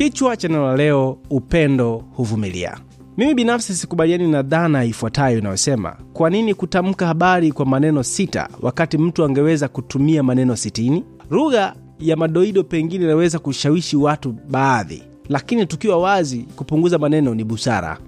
Kichwa cha neno la leo, upendo huvumilia. Mimi binafsi sikubaliani na dhana ifuatayo inayosema kwa nini kutamka habari kwa maneno sita wakati mtu angeweza kutumia maneno sitini. Lugha ya madoido pengine inaweza kushawishi watu baadhi, lakini tukiwa wazi, kupunguza maneno ni busara.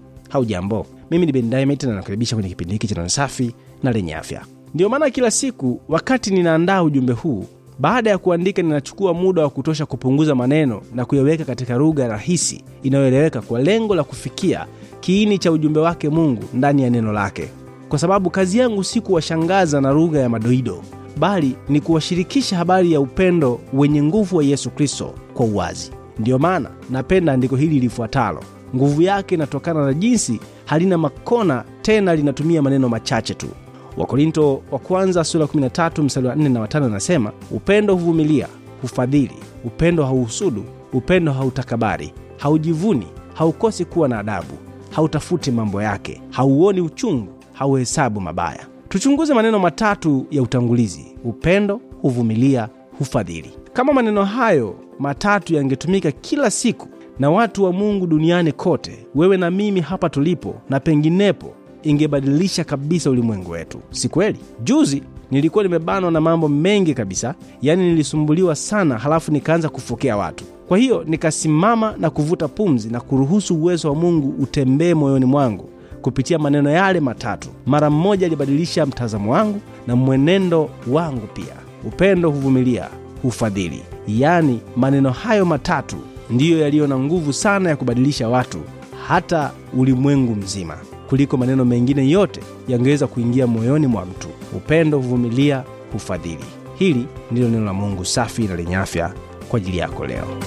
jambo mimi ni Ben Diamond na nakaribisha kwenye kipindi hiki cha neno safi na lenye afya. Ndiyo maana kila siku wakati ninaandaa ujumbe huu baada ya kuandika, ninachukua muda wa kutosha kupunguza maneno na kuyaweka katika lugha rahisi inayoeleweka kwa lengo la kufikia kiini cha ujumbe wake Mungu ndani ya neno lake, kwa sababu kazi yangu si kuwashangaza na lugha ya madoido, bali ni kuwashirikisha habari ya upendo wenye nguvu wa Yesu Kristo kwa uwazi. Ndiyo maana napenda andiko hili lifuatalo. Nguvu yake inatokana na jinsi halina makona tena, linatumia maneno machache tu. Wakorinto wa kwanza sura 13 mstari wa 4 na watano anasema, upendo huvumilia, hufadhili, upendo hauhusudu, upendo hautakabari, haujivuni, haukosi kuwa na adabu, hautafuti mambo yake, hauoni uchungu, hauhesabu mabaya. Tuchunguze maneno matatu ya utangulizi: upendo, huvumilia, hufadhili. Kama maneno hayo matatu yangetumika kila siku na watu wa Mungu duniani kote, wewe na mimi hapa tulipo na penginepo ingebadilisha kabisa ulimwengu wetu, si kweli? Juzi nilikuwa nimebanwa na mambo mengi kabisa, yaani nilisumbuliwa sana, halafu nikaanza kufokea watu. Kwa hiyo nikasimama na kuvuta pumzi na kuruhusu uwezo wa Mungu utembee moyoni mwangu kupitia maneno yale matatu. Mara mmoja alibadilisha mtazamo wangu na mwenendo wangu pia. Upendo huvumilia, hufadhili. Yaani, maneno hayo matatu ndiyo yaliyo na nguvu sana ya kubadilisha watu, hata ulimwengu mzima kuliko maneno mengine yote yangeweza kuingia moyoni mwa mtu. Upendo huvumilia, hufadhili. Hili ndilo neno la Mungu safi na lenye afya kwa ajili yako leo.